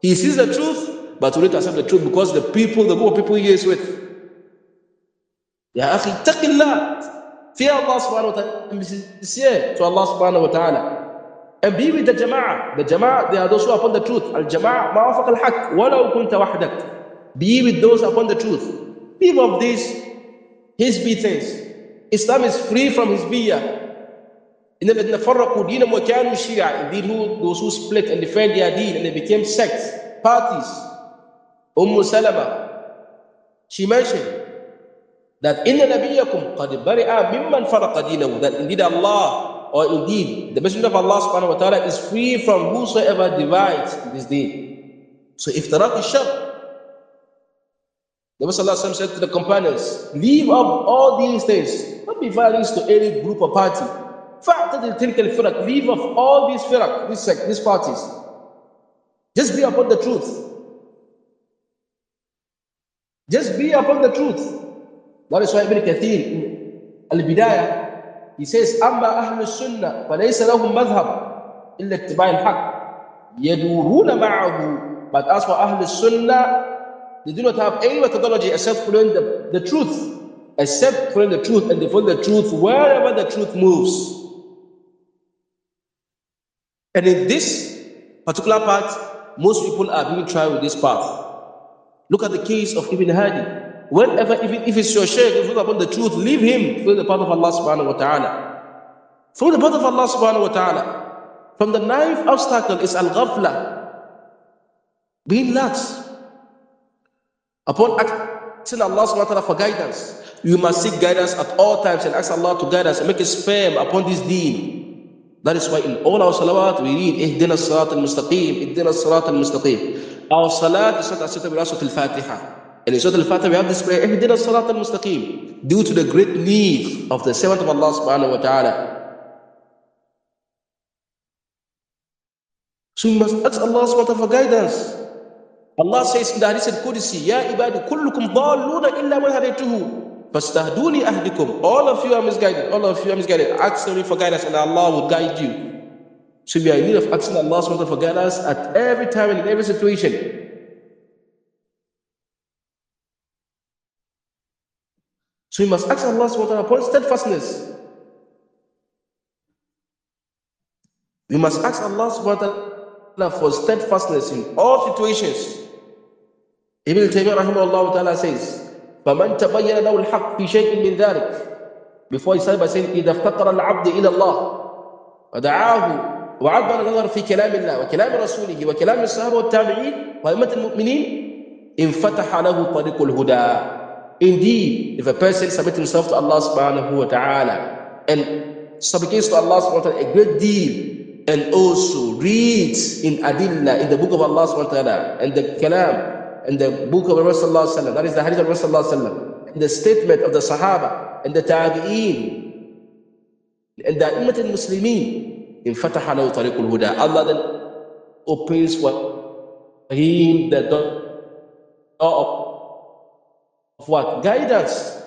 He sees the truth, but will not accept the truth because the people, the group of people he is with. Ya akhi, taqillah. Fear Allah subhanahu wa ta'ala and be sincere to Allah subhanahu wa ta'ala. And be with the jama'ah. The jama'ah, they are those who are upon the truth. Al jama'ah ma'afak al haq, walau kunta wahdak. Be with those upon the truth. Leave of this hizbi things. Islam is free from hizbiyah. الذين those who split and defend their deen and they became sects parties Umm Salama she mentioned that inna nabiyakum mimman that indeed Allah or indeed the messenger of Allah subhanahu wa ta'ala is free from whosoever divides this deen so if tarak is shirk the Prophet said to the companions, Leave up all these things. Don't be violent to any group or party. Leave off all these firak, these sect, these parties. Just be upon the truth. Just be upon the truth. That is why Ibn Kathir in Al-Bidayah, he says, أما أهل السنة فليس لهم مذهب إلا اتباع الحق يدورون معه. But as for أهل sunnah they do not have any methodology except following the, the truth. Except following the truth, and defend the truth wherever the truth moves. And in this particular part, most people are being tried with this path. Look at the case of Ibn Hadi. Whenever, even if it's your shaykh, if you upon the truth, leave him through the path of Allah subhanahu wa ta'ala. Through the path of Allah subhanahu wa ta'ala. From the ninth obstacle is al-ghafla, being lax, Upon asking Allah subhanahu wa for guidance, you must seek guidance at all times and ask Allah to guide us and make us firm upon this deen. That is why in all our salawat we read Ihdina salat al-mustaqim, Ihdina salat al-mustaqim. Our salat is not acceptable as al-Fatiha. And in Surah Al-Fatiha we have this prayer, Ihdina salat al-mustaqim, due to the great need of the servant of Allah subhanahu wa ta'ala. So we must ask Allah subhanahu wa ta'ala for guidance. Allah says in the Hadith al-Qudsi, Ya ibadu kullukum dalluna illa man hadaytuhu. Fastahduni ahdikum. All of you are misguided. All of you are misguided. Ask only for guidance and Allah will guide you. So we are in need of asking Allah subhanahu for guidance at every time and in every situation. So we must ask Allah subhanahu upon steadfastness. We must ask Allah subhanahu for steadfastness in all situations. Ibn Taymiyyah rahimahullah ta'ala says, فَمَنْ تَبَيَّنَ لَهُ الْحَقِّ فِي شَيْءٍ مِنْ ذَلِكَ Before he started by saying, إِذَا افتقر الْعَبْدِ إِلَى اللَّهِ ودعاه وعبر النظر في كلام الله وكلام رسوله وكلام الصحابه والتابعين وائمه المؤمنين انفتح له طريق الهدى Indeed, if a person submits himself to Allah subhanahu wa ta'ala and supplicates to Allah subhanahu wa ta'ala a great deal and also reads in adilla in the book of Allah subhanahu wa ta'ala and the Kalam in the book of Rasulullah sallallahu that is the hadith of Rasulullah sallallahu in the statement of the Sahaba, in the Tabi'een, in the Ummat al-Muslimin, in Fatah lahu al huda. Allah then opens for him the door of of what? Guidance.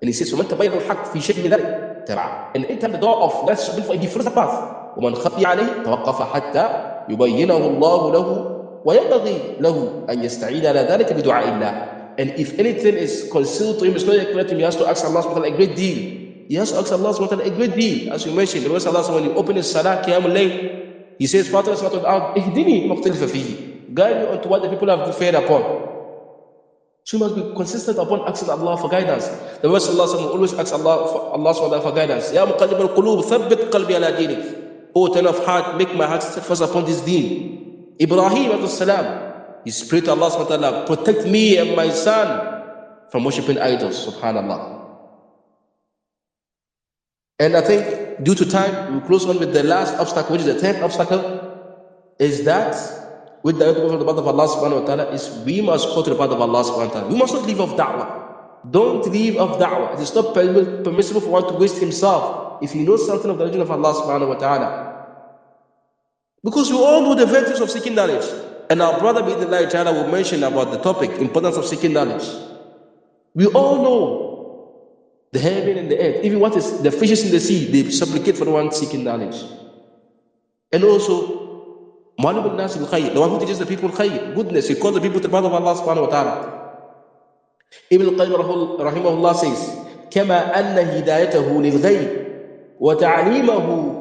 And he says, وَمَنْ تَبَيْنَ الْحَقِّ فِي شَيْءٍ ذَلِكَ تَبَعَ And anytime the door of that's open for him, he follows the path. وَمَنْ خَفِيَ عَلَيْهِ تَوَقَّفَ حَتَّى يُبَيِّنَهُ اللَّهُ لَهُ وينبغي له أن يستعين على ذلك بدعاء الله. And if anything is concealed to him, it's not a clear to him, he has to ask Allah subhanahu wa a great deal. He has to ask Allah subhanahu wa a great deal. As you mentioned, the Lord Allah when he opened his salah, qiyamul layl, he says, Father, it's not without, ihdini maqtilifa fihi. Guide me onto what the people have deferred upon. So you must be consistent upon asking Allah for guidance. The verse Allah always asks Allah for, Allah subhanahu for guidance. Ya muqallib al-qulub, thabbit qalbi ala dinik. O ten of heart, make my heart steadfast upon this deen. Ibrahim salam, he prayed to Allah subhanahu wa ta'ala, protect me and my son from worshipping idols, subhanAllah. And I think due to time, we close on with the last obstacle, which is the tenth obstacle, is that with the go the path of Allah subhanahu wa ta'ala is we must go to the path of Allah subhanahu wa ta'ala. We must not leave off da'wah. Don't leave off da'wah. It is not permissible for one to waste himself if he knows something of the religion of Allah subhanahu wa ta'ala. Because we all know the virtues of seeking knowledge. And our brother Bidillah China will mention about the topic, importance of seeking knowledge. We all know the heaven and the earth, even what is the fishes in the sea, they supplicate for the one seeking knowledge. And also Mu'allim bin khayr the one who teaches the people khayr, goodness, he calls the people to the brother of Allah subhanahu wa ta'ala. Ibn al-Qayyim rahimahullah says, كما أن هدايته للغيب وتعليمه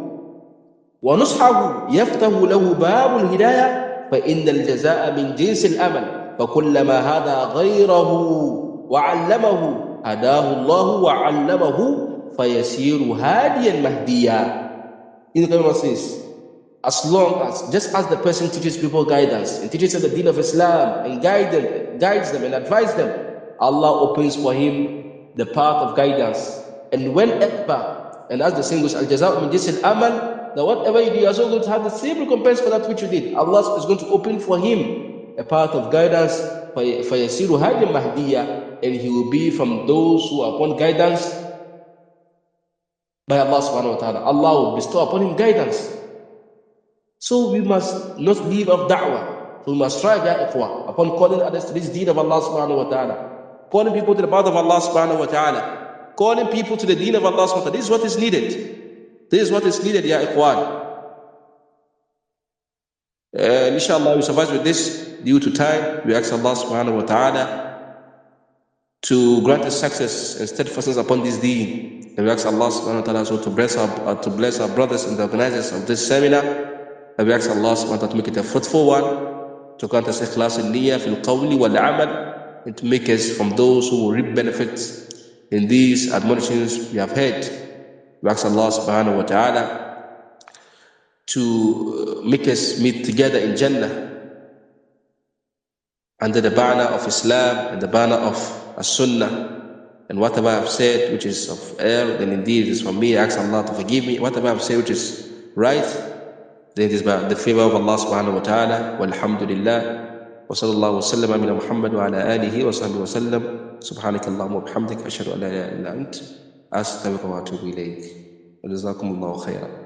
ونصحه يفتح له باب الهداية فإن الجزاء من جنس الأمل فكلما هدى غيره وعلمه هداه الله وعلمه فيسير هاديا مهديا إذا the Quran سيس as long as, just as the person teaches people guidance and teaches them the deen of Islam and guide them, guides them and advises them, Allah opens for him the path of guidance. And when whenever, and as the saying goes, al Jazaw, min jisil amal, that whatever you do, you are also going to have the same recompense for that which you did. Allah is going to open for him a path of guidance فَيَسِيرُ هَادِ Mahdiya, And he will be from those who are upon guidance by Allah subhanahu wa ta'ala. Allah will bestow upon him guidance. So we must not leave off da'wah. we must strive, ya upon calling others to this deed of Allah subhanahu wa ta'ala. Calling people to the path of Allah subhanahu wa ta'ala. Calling people to the deen of Allah subhanahu wa ta'ala. This is what is needed. This is what is needed, ya ikhwan. And inshallah, we suffice with this due to time. We ask Allah subhanahu wa ta'ala to grant us success and steadfastness upon this deen. And we ask Allah subhanahu wa ta'ala so to bless our uh, to bless our brothers and the organizers of this seminar. And we ask Allah subhanahu wa ta'ala to make it a fruitful one, to grant us ikhlas in niyyah fil qawli wal amal, and to make us from those who will reap benefits in these admonitions we have heard. We ask Allah subhanahu wa ta'ala to uh, make us meet together in Jannah under the banner of Islam and the banner of As-Sunnah. And whatever I've said which is of error, then indeed it is from me. I ask Allah to forgive me. Whatever I've said which is right, then it is by the favor of Allah subhanahu wa ta'ala. Walhamdulillah. وصلى الله وسلم على محمد وعلى آله وصحبه وسلم سبحانك اللهم وبحمدك أشهد أن لا إله إلا أستغفرك وأتوب إليك وجزاكم الله خيرا